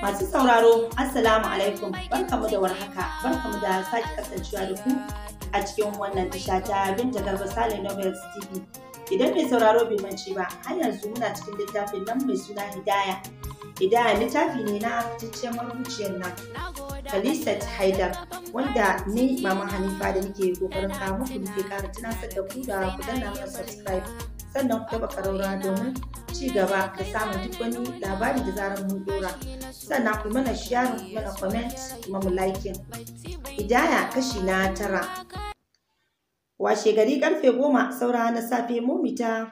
Masu sauraro, Assalamu alaikum, barkamu da warhaka, barkamu da sake kasancewa da ku a cikin wannan tasha ta Binta Garba Sale Novels TV. Idan mai sauraro bai mance ba, har yanzu muna cikin littafin nan mai suna Hidaya. Hidaya littafi ne na fitaccen marubuciyar nan. Khalisat Haidar, wanda ni Mama Hanifa da nake kokarin kawo muku nake kara tunasar da ku da ku danna mana subscribe. Sannan ku taba karaura domin ci gaba da samun duk wani labari da zarar mun dora. sannan ku mana share ku mana comment kuma mu like hidaya kashi na tara washe gari karfe goma saura na safe mumita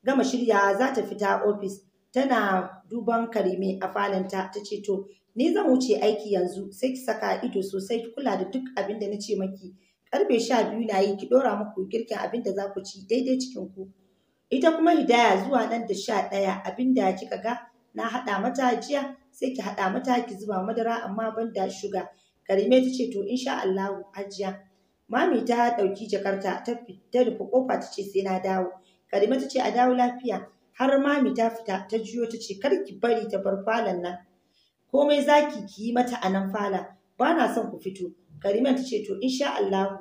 gama shirya za ta fita ofis tana duban karime a falanta ta ce to ni zan wuce aiki yanzu sai ki saka ido sosai ki kula da duk abin da na ce maki karfe sha biyu na yi ki ɗora muku girkin abin da za ku ci daidai cikin ku ita kuma hidaya zuwa nan da sha ɗaya abin da kika ga na haɗa mata jiya sai ki haɗa mata ki zuba madara amma ban da shuga karime ta ce to insha Allahu hajiya mami ta ɗauki jakarta ta ta rufe kofa ta ce sai na dawo karime ta ce a dawo lafiya har mami ta fita ta juyo ta ce kar ki bari ta bar falon nan komai zaki ki yi mata a nan fala ba na son ku fito karime ta ce to insha Allahu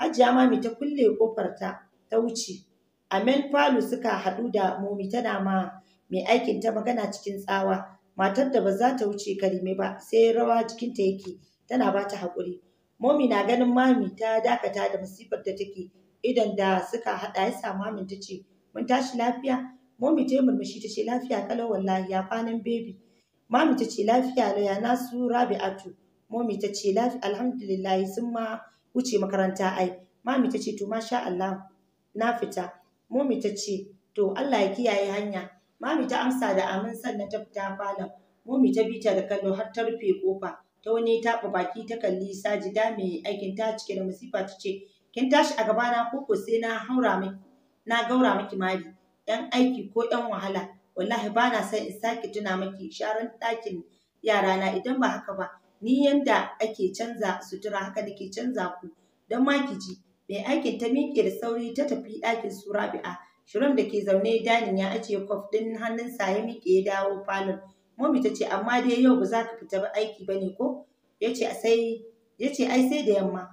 hajiya mami ta kulle kofar ta ta wuce amen falo suka haɗu da momi tana ma mai aikin ta magana cikin tsawa matar da ba za ta wuce karime ba sai rawa jikinta yake tana ba ta haƙuri momi na ganin mami ta dakata da masifar da take idan da suka haɗa ya sa mamin ta ce mun tashi lafiya momi ta yi murmushi ta ce lafiya kalau wallahi ya kwanan bebi mami ta ce lafiya ya nasu rabi'atu momi ta ce lafiya alhamdulillah sun ma wuce makaranta ai mami ta ce to masha Allah na fita momi ta ce to Allah ya kiyaye hanya Mami ta amsa da amin sannan ta fita falon. Mumi ta bi ta da kallo har ta rufe kofa. Ta wani taɓa baki ta kalli da mai aikin ta cike da masifa ta ce, Kin tashi a gabana ko koko sai na haura miki, na gaura miki mari, ‘yan aiki ko ‘yan wahala, wallahi ba na son in sake tuna maki. sharan ɗakin yarana idan ba haka ba, ni yanda ake canza sutura haka nake canza ku, don ma ki Mai aikin ta miƙe da sauri ta tafi ɗakin su Rabi'a. Shirin da ke zaune danin ya ajiye kwaf ɗin hannunsa ya miƙe ya dawo falon. Momi ta ce amma dai yau ba za ka fita aiki ba ne ko? Ya ce ai sai da yamma.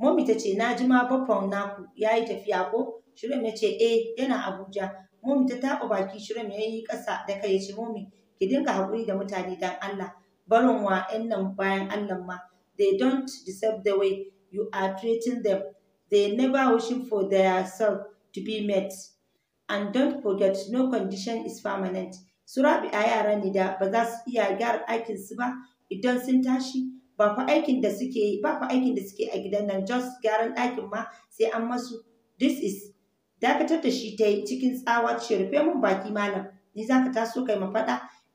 Momi ta ce na ji ma baffan naku ya yi tafiya ko? Shirin ya ce eh yana Abuja. Momi ta taɓa baki Shirin ya yi ƙasa da kai ya ce Momi ki dinga haƙuri da mutane don Allah. Barin wa 'yan nan bayan Allah ma. They don't deserve the way you are treating them. They never wishing for their self to be met. And don't forget, no condition is permanent. Su Rabi'a yara ne da ba za su iya gyara aikinsu ba idan sun tashi ba fa aikin da suke yi ba fa aikin da suke a gidan nan just gyaran ɗakin ma sai an masu this is dakatar da shi ta yi cikin tsawa ce rufe mun baki malam ni za ka taso kai ma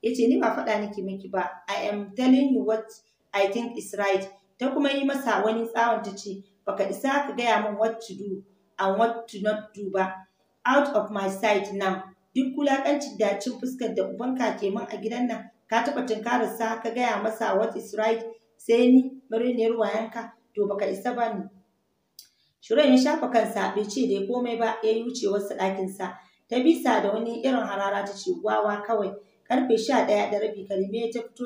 ya ce ni ba faɗa nake miki ba I am telling you what I think is right ta kuma yi masa wani tsawon ta ce baka isa ka gaya min what to do and what to not do ba out of my sight now duk wulaƙancin da cin fuskar da ubanka ke min a gidan nan ka taɓa tunkararsa ka gaya masa what is right sai ni 'yar wayanka to baka isa ba ni shirin ya shafa kansa bai ce dai komai ba ya yi wucewarsa ɗakinsa ta bisa da wani irin harara ta ce wawa kawai karfe sha ɗaya da rabi karime ta fito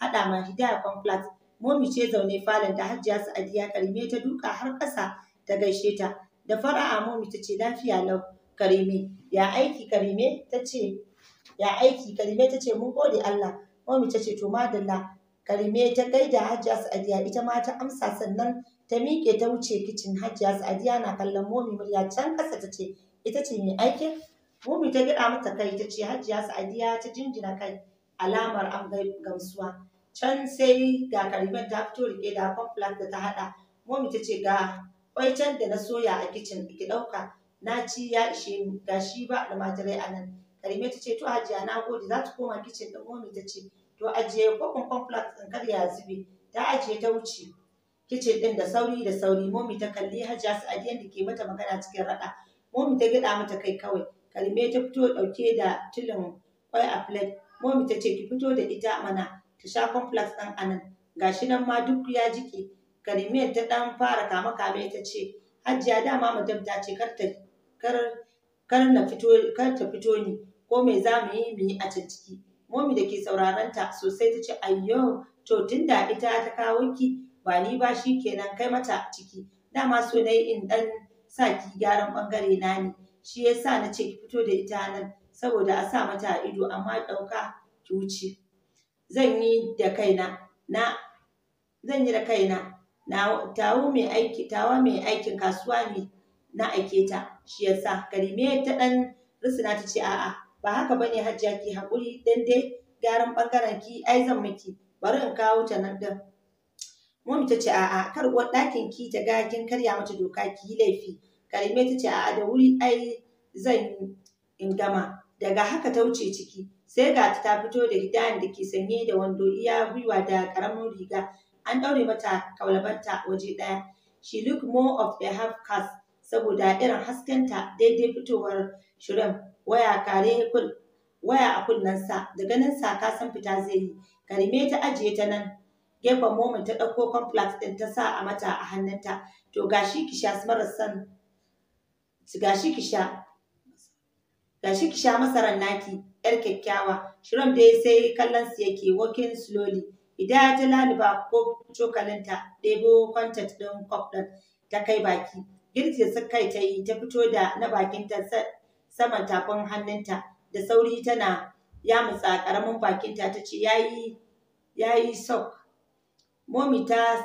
haɗa ma hidaya complex momi ce zaune falon da hajjiya sa'adiya karime ta duka har ƙasa ta gaishe ta da fara'a momi ta ce lafiya lau karime ya aiki karime ta ce ya aiki karime ta mun gode Allah mami ta ce to madalla karime ta gaida hajiya sa'adiya ita ma ta amsa sannan ta miƙe ta wuce kicin hajiya sa'adiya na kallon momi murya can kasa ta ce ita ce mai aiki momi ta gida mata kai ta ce hajiya sa'adiya ta jinjina kai alamar an gamsuwa can sai ga karimar ta fito rike da famflas da ta haɗa momi ta ce ga kwai can da na soya a kicin ki ɗauka na ci ya ishe ni ga shi ba almajirai a nan karime ta ce to hajiya na gode za ta koma kicin da momi ta ce to ajiye kokon complex in kar ya zube ta ajiye ta wuce kicin din da sauri da sauri momi ta kalli hajiya sa'adiyan da ke mata magana cikin raɗa momi ta gida mata kai kawai karime ta fito dauke da tulin kwai a plate momi ta ce ki fito da ita mana ta sha complex ɗin anan gashi nan ma duk ya jike karimiyar ta ɗan fara kame kame ta ce hajiya dama mutum ta ce kar ta kar na fito kar ta fito ni ko me za mu yi mu yi a can ciki momi da ke sauraron ta sosai ta ce ayyo to tunda ita ta kawo ki ba ni ba shi kenan kai mata ciki dama so na yi in dan sa ki gyaran bangare na ne shi yasa na ce ki fito da ita nan saboda a sa mata ido amma ɗauka ki wuce zan yi da kaina na zan yi da kaina na tawo mai aiki tawa mai aikin kasuwa ne na aike ta shi yasa karime ta dan risina ta ce a'a ba haka bane hajjiya ki hakuri dan dai gyaran bangaren ki ai zan miki bari in kawo ta nan din mun ta ce a'a kar uwar ɗakin ki ta ga kin karya mata doka ki laifi karime ta ce a'a da wuri ai zan in gama daga haka ta wuce ciki sai ga ta fito da gidan da ke sanye da wando iya gwiwa da karamin riga an daure mata kaulabanta waje ɗaya she look more of a half caste saboda irin haskenta daidai fitowar shirin waya kare waya a kunnensa da sa ka san fita zai yi karime ta ajiye ta nan gefen momin ta ɗauko complex ɗin ta sa a mata a hannunta to gashi kisha sha marar san gashi ki gashi ki sha masarar naki yar kyakkyawa shirin dai sai kallon su yake walking slowly idan ta laluba ko cokalinta ɗebo kwantat ɗin kwaf ɗin ta kai baki girgiza su kai ta yi ta fito da na bakinta saman tafin hannunta da sauri tana yamutsa karamin bakinta ta ce ya yi sok momi ta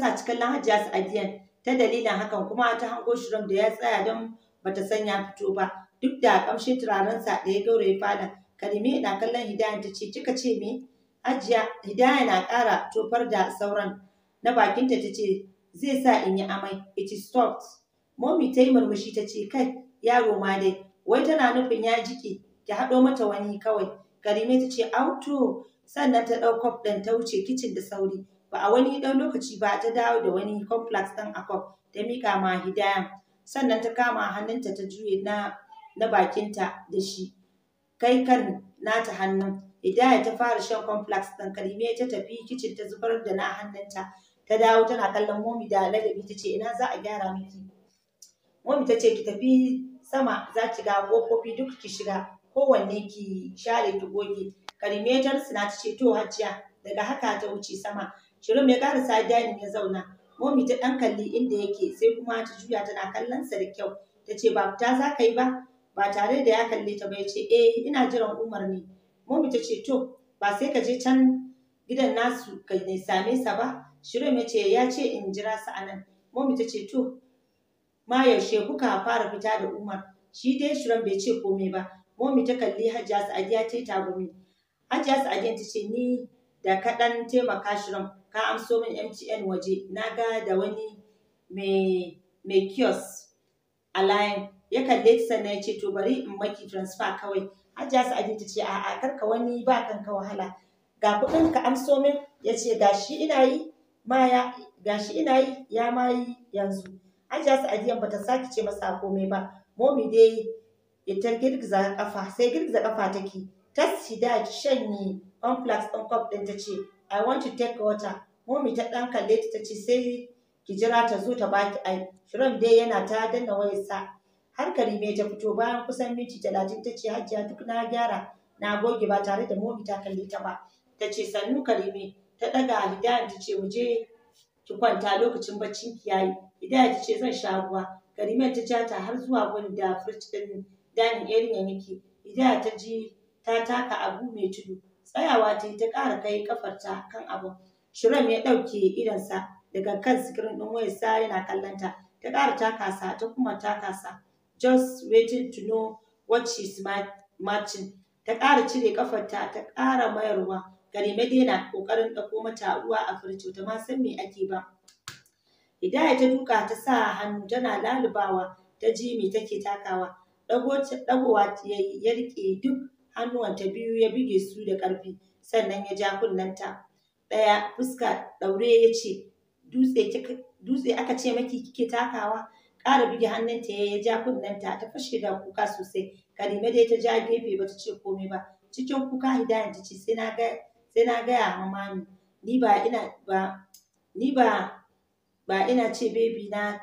sa cikin lahajiya su adiyan ta dalilin hakan kuma ta hango shirin da ya tsaya don bata sanya fito ba duk da turaren sa da ya gauraye fada kalime na kallon hidayen ta ce kika ce me ajiya hidaya na ƙara tofar da sauran na bakinta ta ce zai sa in yi amai it is stopped Momi ta yi murmushi ta ce kai yaro ma dai wai tana nufin ya jike ki haɗo mata wani kawai. Karime ta ce auto sannan ta ɗau kwaf ɗin ta wuce kicin da sauri. Ba a wani ɗan lokaci ba ta dawo da wani complex ɗin a kwaf ta miƙa ma hidaya. Sannan ta kama hannunta ta juye na na bakinta da shi. Kai kan nata hannun. Hidaya ta fara shan complex ɗin Karime ta tafi kicin ta zubar da na hannunta. Ta dawo tana kallon momi da ladabi ta ce ina za a gyara miki. momi ta ce ki tafi sama za ki ga kofofi duk ki shiga kowanne ki share ki goge karime suna na ta ce to hajiya daga haka ta wuce sama shirin ya sa dining ya zauna momi ta dan kalli inda yake sai kuma ta juya tana kallon sa da kyau ta ce ba fita za ka yi ba ba tare da ya kalle ta ba ya ce eh ina jiran umar ne momi ta ce to ba sai ka je can gidan nasu ka same sa ba shirin ya ce ya ce in jira sa anan momi ta ce to ma yaushe kuka fara fita da Umar shi dai shiran bai ce komai ba momi ta kalli Hajiya Sa'adiya ta yi tagumi Hajiya Sa'adiya ta ce ni da kaɗan taimaka Shirin ka amso min MTN waje na ga da wani mai mai kiosk a layin ya kalle ta sannan ya ce to bari in maki transfer kawai Hajiya Sa'adiya ta ce a'a karka wani ba kanka wahala ga kuɗin ka amso min ya ce gashi ina yi ma ya gashi ina yi ya ma yi yanzu Hajiya ba bata saki ce masa komai ba. Momi dai ita girgiza kafa sai girgiza kafa take. Ta ki shanye complex ɗin cup din ta ce I want to take water. Momi ta ɗan kalle ta ce sai ki jira ta zo ta baki ai. Shiram dai yana ta danna wayarsa har Karime ta fito bayan kusan minti talatin ta ce Hajiya duk na gyara na goge ba tare da Momi ta kalle ta ba. Ta ce sannu Karime ta ɗaga Hidayat ta ce waje. ki kwanta lokacin baccin ki yayi idan ta ce zan sha ruwa karimiyar ta jata har zuwa gun da firij din dining area yake hidaya ta ji ta taka abu mai tudu tsayawa ta yi ta ƙara kai kafarta kan abu. shiram ya ɗauke sa daga kan sikirin ɗin sa yana kallon ta ta ƙara takasa ta kuma takasa just waiting to know what she's matching ta ƙara cire kafarta ta ƙara mayarwa Karime dai na ƙoƙarin ɗauko mata uwa a furci ta ma san me ake ba. Hidaya ta duka ta sa hannu tana lalubawa ta ji me take takawa. Ɗagowa ya rike duk hannuwan ta biyu ya buge su da ƙarfi sannan ya ja kunnenta. Ɗaya fuska ɗaure ya ce dutse aka ce maki kike takawa ƙara buge hannunta ya ja kunnanta ta fashe da kuka sosai. Karime dai ta ja gefe bata ce komai ba. Cikin kuka Hidaya ta ce sai na ga sai na gaya ma mami ni ba ina ba ni ba ba ina ce baby na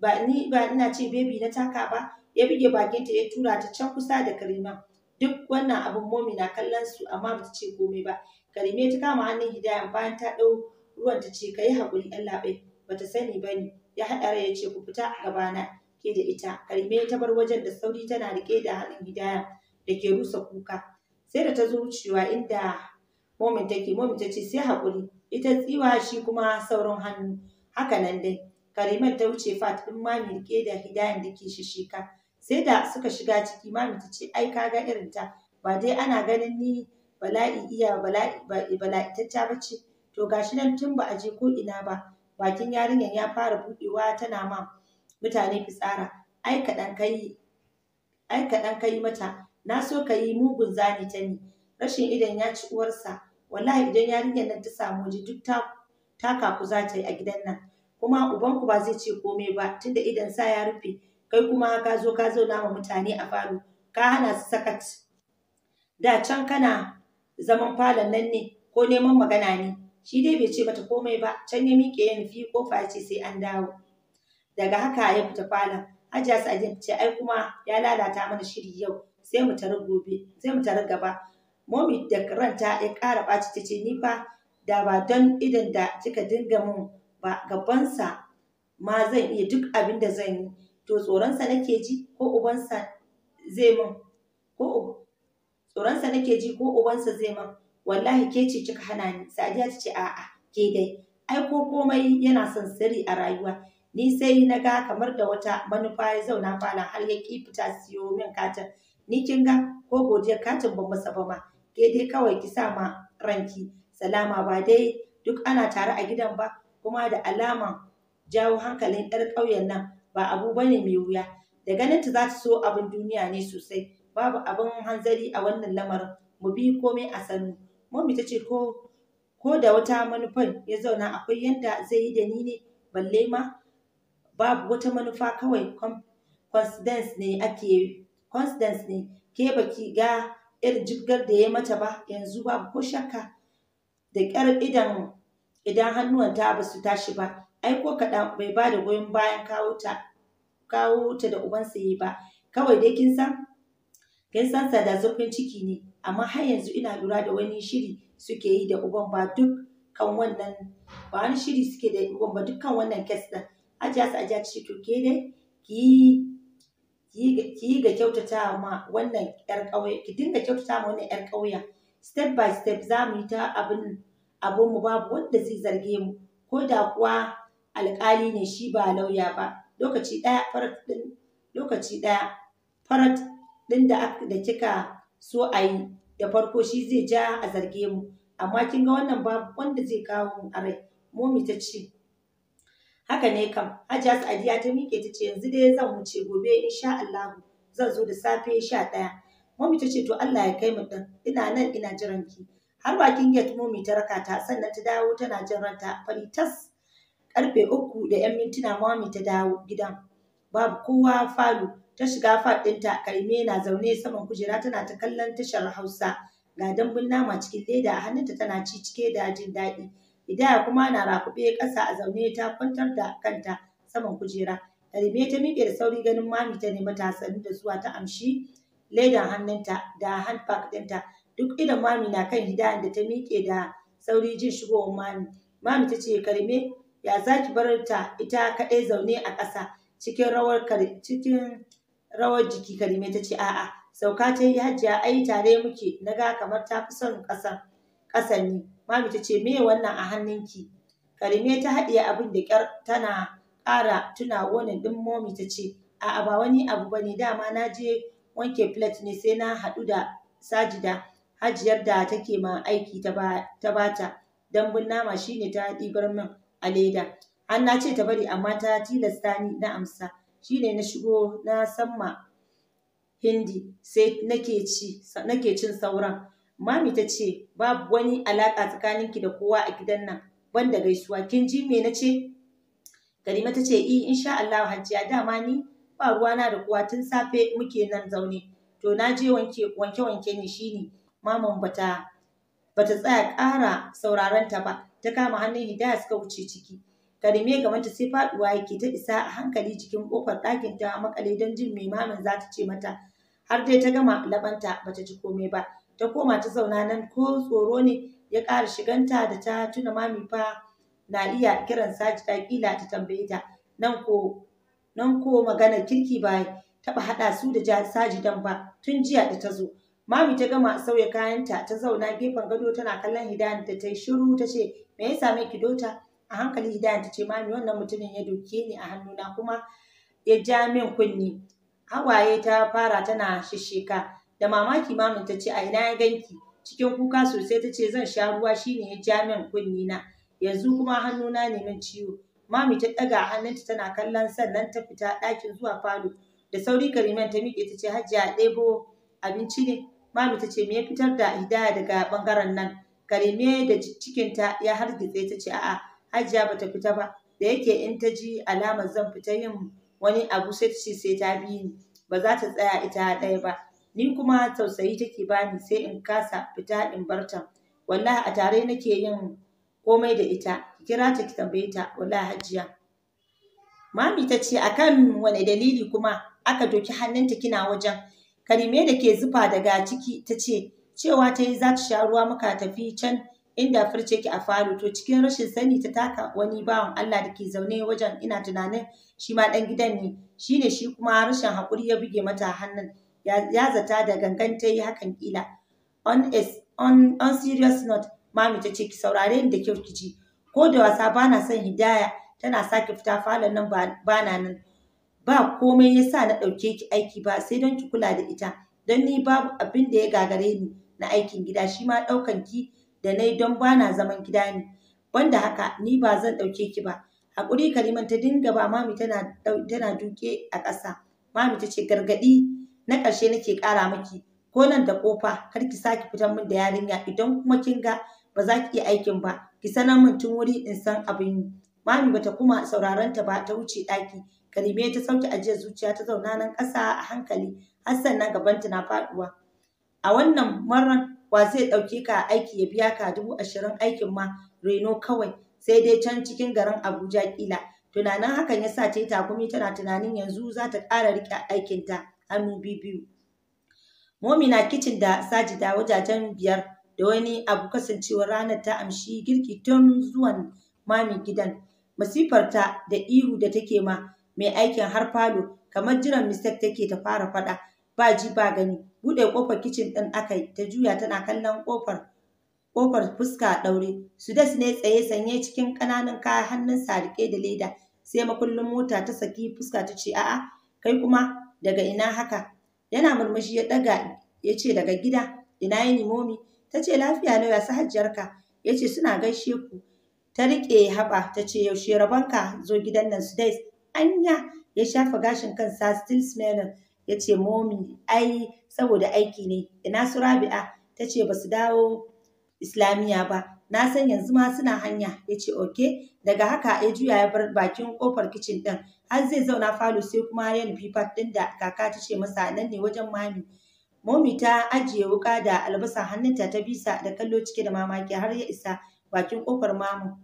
ba ni ba ina ce baby na taka ba ya buge bakinta ya tura ta can kusa da karima duk wannan abun momi na kallon su amma su ce komai ba karime ta kama hannun hidaya bayan ta dau ruwan ta ce ka hakuri haƙuri ɗan bata sani ba ne ya haɗa rai ya ce ku fita gabana ke da ita karime ta bar wajen da sauri tana rike da hannun hidaya da ke rusa kuka sai da ta zo wucewa inda momin take momin ta ce sai hakuri. ita tsiwa shi kuma sauran hannu haka nan dai kariman ta wuce fat ɗin mami rike da hidayan da ke shishika sai da suka shiga ciki mami ta ce ai ka ga irin ta ba dai ana ganin ni bala'i iya bala'i ta ba ce to gashi nan tun ba a je ko ina ba bakin yarinyar ya fara buɗewa tana ma mutane fitsara ai kaɗan kai ai kaɗan kai mata na so ka yi mugun zani ta ni rashin idon ya ci uwarsa wallahi idan yarinyar nan ta samu waje duk ta ta kaku za ta yi a gidan nan kuma ubanku ba zai ce komai ba tunda idan sa ya rufe kai kuma ka zo ka zauna wa mutane a falo ka hana su sakat da can kana zaman falon nan ne ko neman magana ne shi dai bai ce mata komai ba can ya miƙe ya nufi ko fa ce sai an dawo daga haka ya fita falon hajiya sa'adin ce ai kuma ya lalata mana shiri yau sai mu tarar gobe sai mu gaba momi da ranta ya ƙara ɓaci ta ce ni fa da ba don idan da kika dinga min ba gabansa ma zan iya duk abin da zan yi to tsoronsa nake ji ko ubansa zai min ko tsoronsa nake ji ko ubansa zai min wallahi ke ce kika hana ni sadiya ta ce a'a ke dai ai ko komai yana son sirri a rayuwa ni sai na ga kamar da wata manufa ya zauna falon har ya ki fita siyo min katin ni kin ga ko godiya katin ban masa ba ma ke kawai ki sa ma ranki salama ba dai duk ana tare a gidan ba kuma da alama jawo hankalin ɗar ƙauyen nan ba abu ba ne mai wuya da ganin ta za ta so abin duniya ne sosai babu abin hanzari a wannan lamarin mu bi komai a sannu mami ta ce ko ko da wata manufan ya zauna akwai yadda zai yi da ni ne balle ma babu wata manufa kawai confidence ne ake confidence ne ke baki ga yar jibgar da ya mata ba yanzu babu ko shakka da ƙyar idan idan ta ba su tashi ba ai ko kaɗan bai ba da goyon bayan kawo ta kawo ta da ubansa yi ba kawai dai kin san kin san sa da zurfin ciki ne amma har yanzu ina lura da wani shiri suke yi da uban ba dukkan wannan ba wani shiri suke da uban ba dukkan wannan kes din ajiya su ajiya ce to ke dai ki ki yi ga kyautata ma wannan yar ƙauye ki dinga kyautata ma wannan yar ƙauya step by step za mu yi ta abin abin mu babu wanda zai zarge mu ko da kuwa alƙali ne shi ba lauya ba lokaci ɗaya farat ɗin lokaci ɗaya farat ɗin da da kika so a yi da farko shi zai ja a zarge mu amma kin ga wannan babu wanda zai kawo mu a rai mu ta ce Haka ne kam, Hajiya adiya ta miƙe ta ce yanzu dai zan wuce gobe insha Allah zan zo da safe sha ɗaya. momi ta ce to Allah ya kai mu ɗan, ina nan ina jiran ki. Har bakin gate momi ta raka ta sannan ta dawo tana jin ranta fari tas. Karfe uku da ‘yan mintuna mami ta dawo gidan. Babu kowa falo ta shiga fat ɗinta Karime na zaune saman kujera tana ta kallon tashar Hausa. Ga dambun nama cikin leda a hannunta tana ci cike da jin daɗi. Hidaya kuma na rakuɓe ƙasa a zaune ta kwantar da kanta saman kujera. Karime ta miƙe da sauri ganin mami ta nemi ta da zuwa ta amshi ledan hannunta da handbag ɗinta. Duk idan mami na kan hidayan da ta miƙe da sauri jin shigowar mami. Mami ta ce Karime ya za ki bar ta ita kaɗai zaune a ƙasa cikin rawar cikin rawar jiki Karime ta ce a'a sauka ta yi hajiya ai tare muke na ga kamar ta fi son ƙasan ƙasan ne. Mami ta ce me wannan a hannunki? Karime ta haɗiye abin da ƙyar tana ƙara tuna wannan ɗin momi ta ce a'a ba wani abu ba ne dama na je wanke flat ne sai na haɗu da sajida hajiyar da take ma aiki ta bata dambun nama shine ta ɗibar min a leda an na ce ta bari amma ta tilasta ni na amsa Shi ne na shigo na samma hindi sai nake ci nake cin sauran Mami ta ce, babu wani alaƙa tsakaninki da kowa a gidan nan, banda gaisuwa, kin ji me na ce? Karima ta ce, i e, insha Allah hajiya dama ni ba ruwa na da kowa tun safe muke nan zaune. To na je wanke wanke wanke ne shine maman bata bata tsaya ƙara sauraron ta ba, ta kama hannun Hidaya suka wuce ciki. Karime ga gamanta sai faduwa yake ta isa a hankali jikin kofar ɗakin ta makale don jin me mamin za ta ce mata. Har dai ta gama labanta bata ji komai ba. ta koma ta zauna nan ko tsoro ne ya ƙara shiganta da ta tuna mami fa na iya kiran saji ta kila ta tambaye ta nan ko nan ko magana kirki ba taɓa haɗa su da saji dan ba tun jiya da ta zo mami ta gama sauya kayanta ta zauna gefen gado tana kallon hidayan da ta yi shiru ta ce me ya same ki dota a hankali hidayan ta ce mami wannan mutumin ya doke ni a hannuna kuma ya ja min kunni hawaye ta fara tana shishika da mamaki mamin ta ce a ina ya ganki cikin kuka sosai ta ce zan sha ruwa shine ya ja min kunni na yanzu kuma hannuna ne min ciwo mami ta ɗaga hannunta tana kallon sannan ta fita ɗakin zuwa falo da sauri kariman ta miƙe ta ce hajiya ɗebo abinci ne mami ta ce me ya fitar da hidaya daga ɓangaren nan karime da cikinta ya hargitse ta ce a'a hajiya bata fita ba da yake in ta ji alamar zan fita yin wani abu sai ta ce sai ta bi ni ba za ta tsaya ita ɗaya ba ni kuma tausayi take bani sai in kasa fita in barta wallahi a tare nake yin komai da ita ki kira ta ki tambaye ta wallahi hajiya mami ta ce akan wani dalili kuma aka doki hannunta kina wajen kalime da ke zufa daga ciki ta ce cewa ta yi za ta sha ruwa muka tafi can inda furce ki a falo to cikin rashin sani ta taka wani bawan Allah da ke zaune wajen ina tunanin shi ma dan gidan ne shine shi kuma rashin haƙuri ya buge mata hannun ya zata da gangan ta yi hakan kila on, on, on serious note mami ta ce ki saurare ni da kyau ki ji ko da wasa bana son hidaya tana sake fita falon nan bana nan ba komai yasa na ɗauke ki aiki ba sai don ki kula da ita don ni babu abin da ya gagare ni na aikin gida shi ma ɗaukan ki da nayi don bana zaman gida ne banda haka ni ba zan ɗauke ki ba hakuri kariman ta dinga ba mami tana tana duke a ƙasa mami ta ce gargadi. na ƙarshe nake ƙara miki ko nan da ƙofa kar ki sake fitan min da yarinya idan kuma kin ga ba za ki iya aikin ba ki sanar min tun wuri in san abin yi mami bata kuma sauraron ta ba ta wuce ɗaki karime ta sauke ajiyar zuciya ta zauna nan ƙasa a hankali har sannan gabanta na faɗuwa a wannan marar wa zai ɗauke ka aiki ya biya ka dubu ashirin aikin ma reno kawai sai dai can cikin garin abuja kila tunanin hakan ya sa ta yi takumi tana tunanin yanzu za ta ƙara riƙe aikinta hannu biyu momina kicin da sajida wajajen biyar da wani abu kasancewar ranar ta amshi girki tun zuwan mami gidan masifarta da ihu da take ma mai aikin har falo kamar jiran mistake take ta fara faɗa ba ji ba gani buɗe ƙofar kicin ɗin aka yi ta juya tana kallon ƙofar ƙofar fuska ɗaure sudas ne tsaye sanye cikin ƙananan kaya hannunsa riƙe da leda sai makullin mota ta saki fuska ta ce a'a kai kuma daga ina haka yana murmushi ya ɗaga. ya ce daga gida ina yini momi ta ce lafiya lauya su hajjarka ya ce suna gaishe ku ta riƙe haɓa ta ce yaushe ka? zo gidan nan su dais anya ya shafa gashin kansa still smelling ya ce momi ai saboda aiki ne ina su rabi'a ta ce ba su dawo islamiyya ba na san yanzu ma suna hanya ya ce oke daga haka ya juya ya bar bakin kofar kicin ɗin har zai zauna falo sai kuma ya nufi fat ɗin da kaka ta ce masa nan ne wajen mami momi ta ajiye wuka da albasa hannunta ta bisa da kallo cike da mamaki har ya isa bakin kofar mamu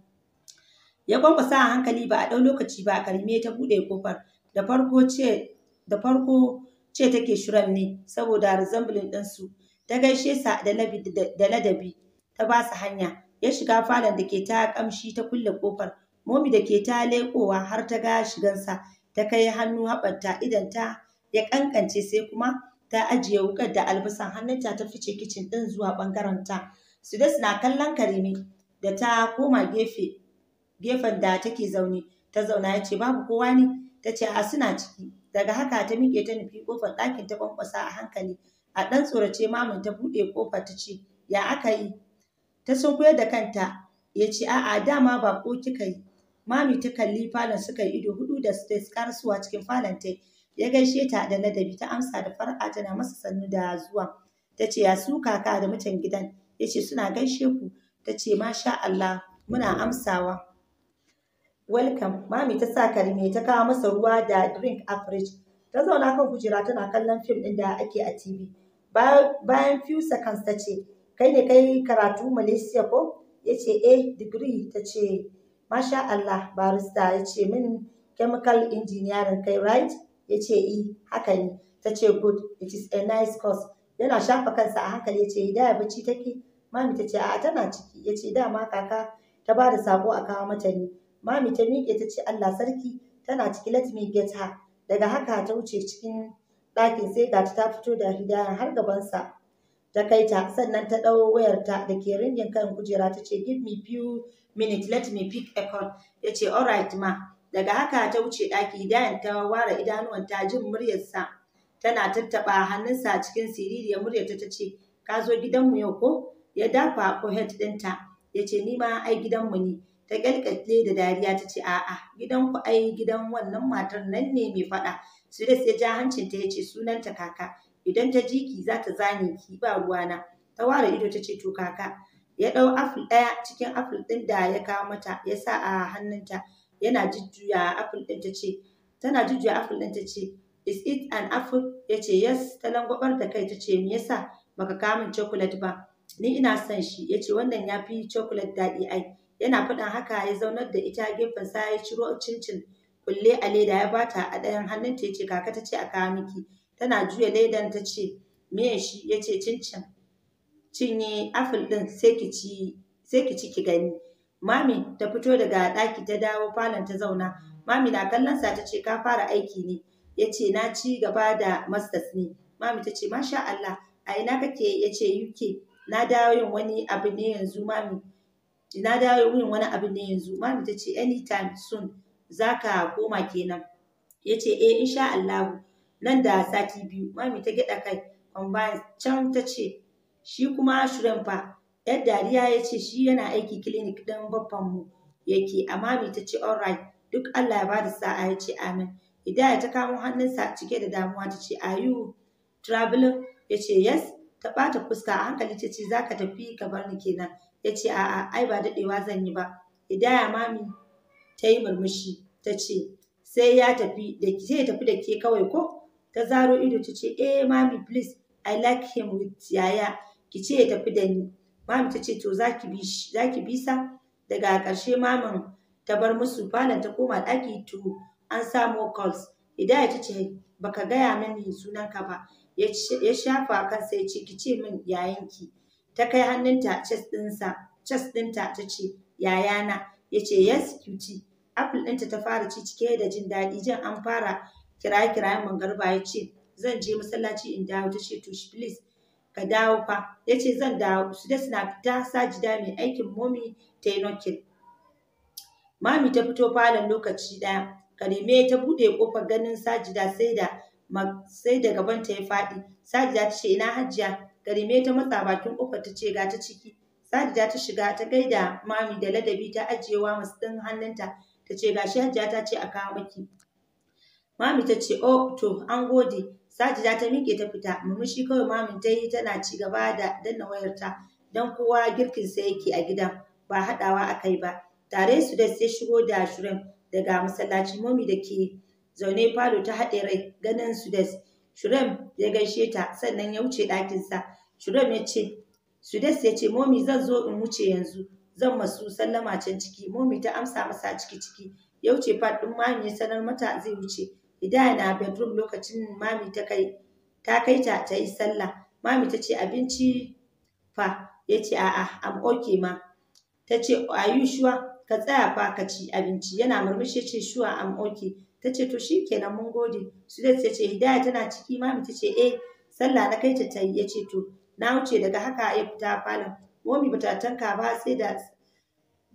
ya kwankwasa a hankali ba a ɗau lokaci ba a karime ta buɗe kofar da farko ce da farko ce take shirin ne saboda resembling ɗinsu ta gaishe sa da ladabi ta ba su hanya ya shiga falon da ke ta kamshi ta kulle kofar Momi da ke ta leƙowa har ta ga shigansa ta kai hannu haɓanta idan ta ya ƙanƙance sai kuma ta ajiye wukar da albasan hannunta ta fice kicin ɗin zuwa ɓangaren ta. Sudes na kallon karimi da ta koma gefe gefen da take zaune ta zauna ya ce babu kowa ne ta ce a suna ciki daga haka ta miƙe ta nufi Kofar ɗakin ta kwankwasa a hankali a ɗan tsorace mamin ta buɗe ƙofar ta ce ya aka yi ta sunkuyar da kanta ya ce a'a dama ba ko kika yi Mami ta kalli falon suka yi ido hudu da su karasuwa cikin falon ta ya gaishe ta da ladabi ta amsa da far'a tana masa sannu da zuwa. Ta ce ya su kaka da mutan gidan ya ce suna gaishe ku ta ce masha Allah muna amsawa. Welcome mami ta sa karime ta kawo masa ruwa da drink a fridge. Ta zauna kan kujera tana kallon fim ɗin da ake a TV. Bayan few seconds ta ce kai ne kai karatu Malaysia ko? Ya ce eh degree ta ce Masha Allah, barista ya ce min chemical engineering kai right? Ya ce i eh, haka ne. Ta ce good, it is a nice course. Yana shafa kansa a hankali ya ce da ya bacci take. Mami ta ce a'a tana ciki. Ya ce dama kaka ta ba da sako a kawo mata ne. Mami ta miƙe ta ce Allah sarki tana ciki let me get her. Daga haka ta wuce cikin ɗakin sai ga ta fito da hidaya har gabansa. ta kai ta sannan ta ɗau wayarta da ke ringin kan kujera ta ce give me few minutes let me pick a call ya ce alright ma daga haka ta wuce ɗaki dayan ta ware ta jin muryarsa tana tattaɓa hannunsa cikin siriri ya muryarta ta ce ka zo gidanmu yau ko ya dafa ko head ɗinta ya ce ni ma ai gidanmu ne ta kyalkyalle da dariya ta ce a'a gidanku ai gidan wannan matar nan ne mai faɗa Sulis ya ja hancinta ya ce sunanta kaka idan ta ji ki za ta zane ki ba na. ta ware ido ta ce to kaka ya ɗau afil ɗaya cikin afil ɗin da ya kawo mata ya sa a hannunta yana jujjuya afil ɗin ta ce tana jujjuya afil ɗin ta ce is it an apple ya ce yes ta langwabar da kai ta ce me yasa baka kawo min chocolate ba ni ina son shi ya ce wannan ya fi chocolate daɗi ai yana faɗin haka ya zaunar da ita gefen sa ya ciro cincin kulle a leda ya bata a ɗayan hannunta ya ce kaka ta ce a kawo miki tana juya ledan ta ce miye shi ya ce cincin cinye afil ɗin sai ki sai ki ci ki gani mami ta fito daga ɗaki ta dawo falon ta zauna mami na kallon sa ta ce ka fara aiki ne ya ce na ci gaba da masters ne mami ta ce masha Allah a ina kake ya ce UK na dawo yin wani abu ne yanzu mami na dawo yin wani abu ne yanzu mami ta ce anytime soon zaka koma kenan ya ce eh insha Allah nan da sati biyu mami ta gyaɗa kai combine can ta ce shi kuma shirin fa yar dariya ya ce shi yana aiki clinic ɗin babbanmu yake amma mami ta ce alright duk Allah ya bada sa'a ya ce amin idan ta kamo sa, cike da damuwa ta ce are you traveling ya ce yes ta bata fuska a hankali ta ce za ka tafi ka bar ni kenan ya ce a'a ai ba daɗewa zan yi ba Idan mami ta yi murmushi ta ce sai ya tafi da ke kawai ko ta zaro ido ta ce eh mami please I like him with yaya ki ce ya tafi da ni mami ta ce to zaki bi zaki bi daga ƙarshe maman ta bar musu falon ta koma ɗaki to an samo calls hidaya ta ce baka gaya mini sunanka ba ya shafa kansa ya ce ki ce min yayanki ta kai hannunta chest ɗinsa chest ɗinta ta ce yayana ya ce yes cutie apple ɗinta ta fara ci cike da jin daɗi jin an fara kiraye kirayen Garba ya ce zan je masallaci in dawo ta ce to please ka dawo fa ya ce zan dawo su da suna fita sajida mai aikin momi ta yi nokin mami ta fito falon lokaci daya karime ta buɗe kofar ganin sajida sai da sai da gaban ta ya faɗi sajida ta ce ina hajiya karime ta matsa bakin kofar ta ce ga ta ciki sajida ta shiga ta gaida mami da ladabi ta ajiyewa masu ɗin hannunta ta ce gashi hajiya ta ce a kawo maki Mami ta ce, "Oh, to, an gode." Sajida ta miƙe ta fita, murmushi kawai mamin ta yi tana ci gaba da danna wayarta don kowa girkin girkinsa yake a gidan ba haɗawa a kai ba. Tare su da sai shigo da shirin daga masallacin momi da ke zaune falo ta haɗe rai ganin su da Shurem ya gaishe ta sannan ya wuce sa. Shurem ya ce, Sudes ya ce, Momi zan zo in wuce yanzu, zan masu sallama can ciki. Momi ta amsa masa ciki ciki, ya wuce faɗin ɗin mami ya sanar mata zai wuce. Hidaya na bedroom lokacin mami ta kai ta kai ta ta yi sallah. Mami ta ce abinci fa ya ce a'a am okay ma. Ta ce are you sure ka tsaya fa ka ci abinci yana murmushi ya ce sure am okay. Ta ce to shikenan mun gode. Sudat ya ce Hidaya tana ciki mami ta ce eh sallah na kai ta ta yi ya ce to na wuce daga haka ya fita falon. Momi bata tanka ba sai da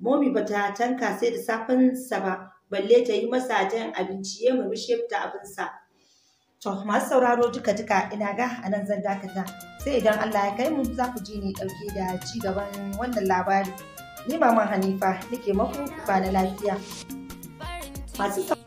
Momi bata tanka sai da safen sa ba balle ta yi masa jan abinci ya murmushi ya fita abinsa. To masu sauraro duka duka ina ga anan zan dakata sai idan Allah ya kai mu za ku ji ni dauke da ci gaban wannan labari. Ni maman Hanifa nake maku ba na lafiya. Masu